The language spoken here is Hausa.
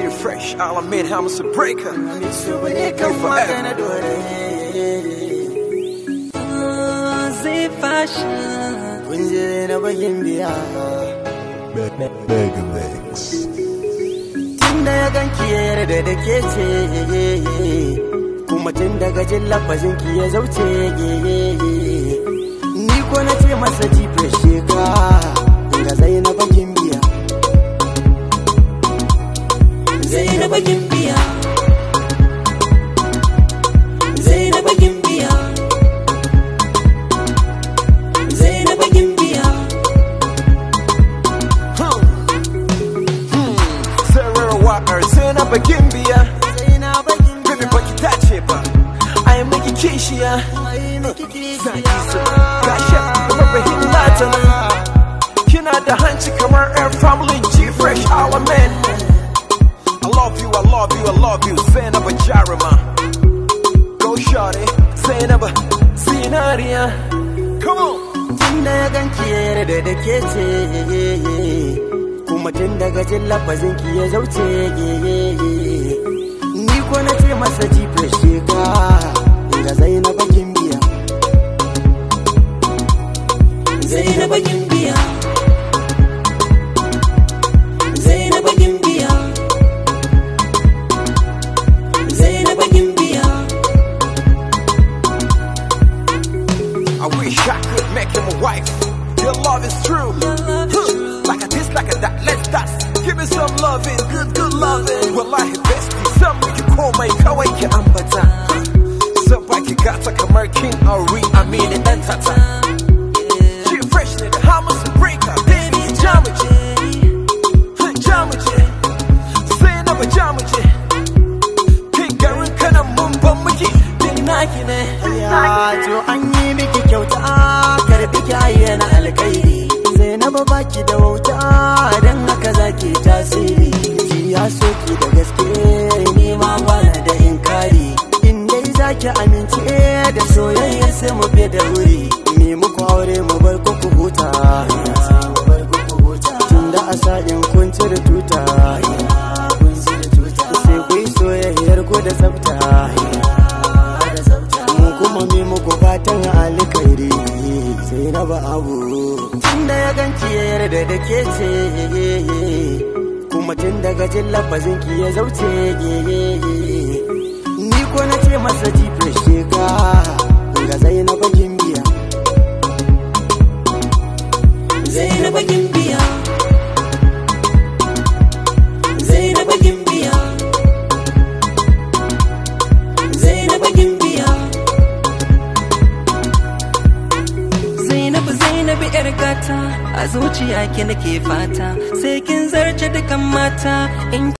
shit fresh. I'll admit how much a breaker. Mega Mix. Tunda ya ganki da da ke ce, kuma tun daga jin lafazin ki ya zauce. abakimbia mimi kwa kitache ba ayemikikishia kasha mabahimata kina da hanci kamar air family g fresh our men. I love you, I love you, I love you, Zainab Jarema Go shorty, Zainab, Sinaria Come on! Tina ganci yare da da ke ce daga ki ya zauce ni ko na ce masa ga biya biya biya biya I wish I could make him a wife Your love is true, Your love is true. like a this like a that some loving, good, good loving. Well Wallahi, bestie, some you call my kawaii ambata. Sabaki gata kamar king ari, I mean it, entata. She fresh, in the hammers breaker, baby, jamaji. Jamaji, say never jamaji. King garin kana mumba miki, ding naki ne. Ya, to anyi miki kyauta, karbi ki ayyana alkairi. Zainabu baki da ki amince da soyayya sai mu fi da wuri ni mu kwaure mu bar ku huta tunda a sa'in kun ci da tuta sai ku yi soyayyar ku da tsafta mu kuma mi muku fatan alkhairi sai na ba abu tunda ya ganci ya yarda da ke ce kuma tun daga jin lafazin ki ya zauce ko na ce masa jifar sheka ga zainaba gimbiya zainaba gimbiya zainaba gimbiya zainaba gimbiya zainabu zainabu a zuciya ki nake fata sai kin zarce dukan mata